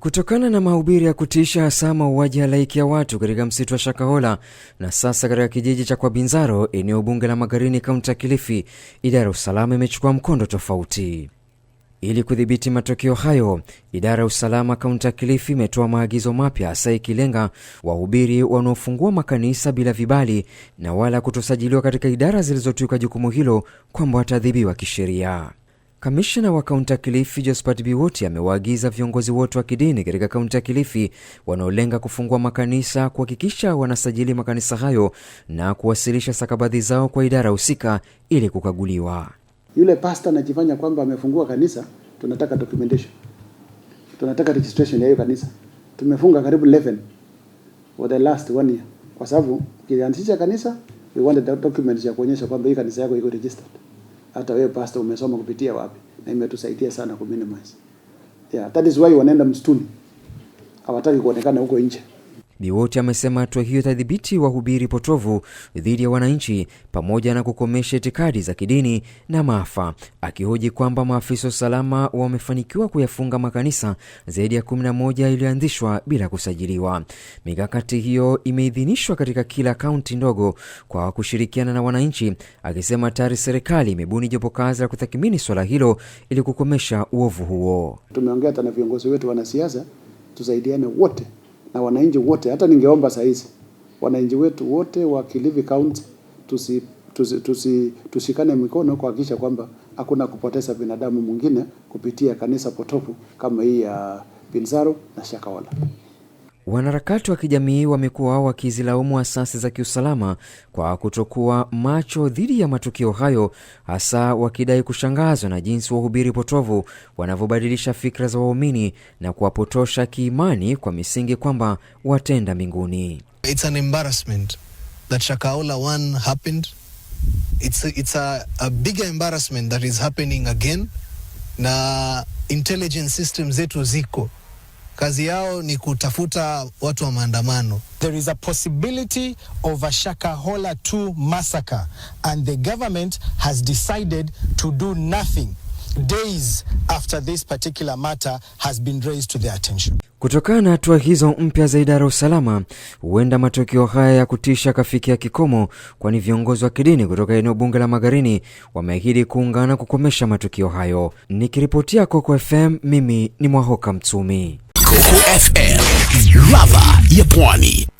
Kutokana na mahubiri ya kutisha hasa mauaji halaiki ya watu katika msitu wa Shakahola na sasa katika kijiji cha Kwabinzaro, eneo bunge la Magarini, kaunti ya Kilifi, idara ya usalama imechukua mkondo tofauti. Ili kudhibiti matokeo hayo, idara ya usalama kaunti ya Kilifi imetoa maagizo mapya, hasa ikilenga wahubiri wanaofungua makanisa bila vibali na wala kutosajiliwa katika idara zilizotuika jukumu hilo, kwamba wataadhibiwa kisheria. Kamishna wa kaunti ya Kilifi Josephat Biwoti amewaagiza viongozi wote wa kidini katika kaunti ya Kilifi wanaolenga kufungua makanisa kuhakikisha wanasajili makanisa hayo na kuwasilisha sakabadhi zao kwa idara husika ili kukaguliwa. Yule pasta anajifanya kwamba amefungua kanisa, tunataka documentation, tunataka registration ya hiyo kanisa. Tumefunga karibu 11 for the last one year, kwa sababu ukianzisha kanisa we want the documents ya kuonyesha kwamba hii kanisa yako iko registered hata wewe pastor umesoma kupitia wapi, na imetusaidia sana ku minimize yeah, that is why wanaenda msituni, hawataki kuonekana huko nje. Biwott amesema hatua hiyo itadhibiti wahubiri potovu dhidi ya wananchi pamoja na kukomesha itikadi za kidini na maafa, akihoji kwamba maafisa wa usalama wamefanikiwa kuyafunga makanisa zaidi ya 11 yaliyoanzishwa bila kusajiliwa. Mikakati hiyo imeidhinishwa katika kila kaunti ndogo kwa kushirikiana na wananchi, akisema tayari serikali imebuni jopo kazi la kutathmini swala hilo ili kukomesha uovu huo. Tumeongea na viongozi wetu wanasiasa, tusaidiane wote na wananchi wote. Hata ningeomba saa hizi wananchi wetu wote wa Kilifi County tusi, tusi, tusi, tushikane mikono kuhakikisha kwamba hakuna kupoteza binadamu mwingine kupitia kanisa potofu kama hii ya Binzaro na Shakahola. Wanaharakati wa kijamii wamekuwa wakizilaumu asasi za kiusalama kwa kutokuwa macho dhidi ya matukio hayo, hasa wakidai kushangazwa na jinsi wahubiri potovu wanavyobadilisha fikra za waumini na kuwapotosha kiimani kwa misingi kwamba watenda mbinguni. na intelligence system zetu ziko kazi yao ni kutafuta watu wa maandamano. There is a possibility of a Shakahola 2 massacre and the government has decided to do nothing days after this particular matter has been raised to their attention. Kutokana na hatua hizo mpya za idara ya usalama, huenda matokeo haya ya kutisha kafikia kikomo, kwani viongozi wa kidini kutoka eneo bunge la Magarini wameahidi kuungana kukomesha matukio hayo. Nikiripotia Coco FM, mimi ni Mwahoka Mtsumi. Coco FM, ladha ya pwani.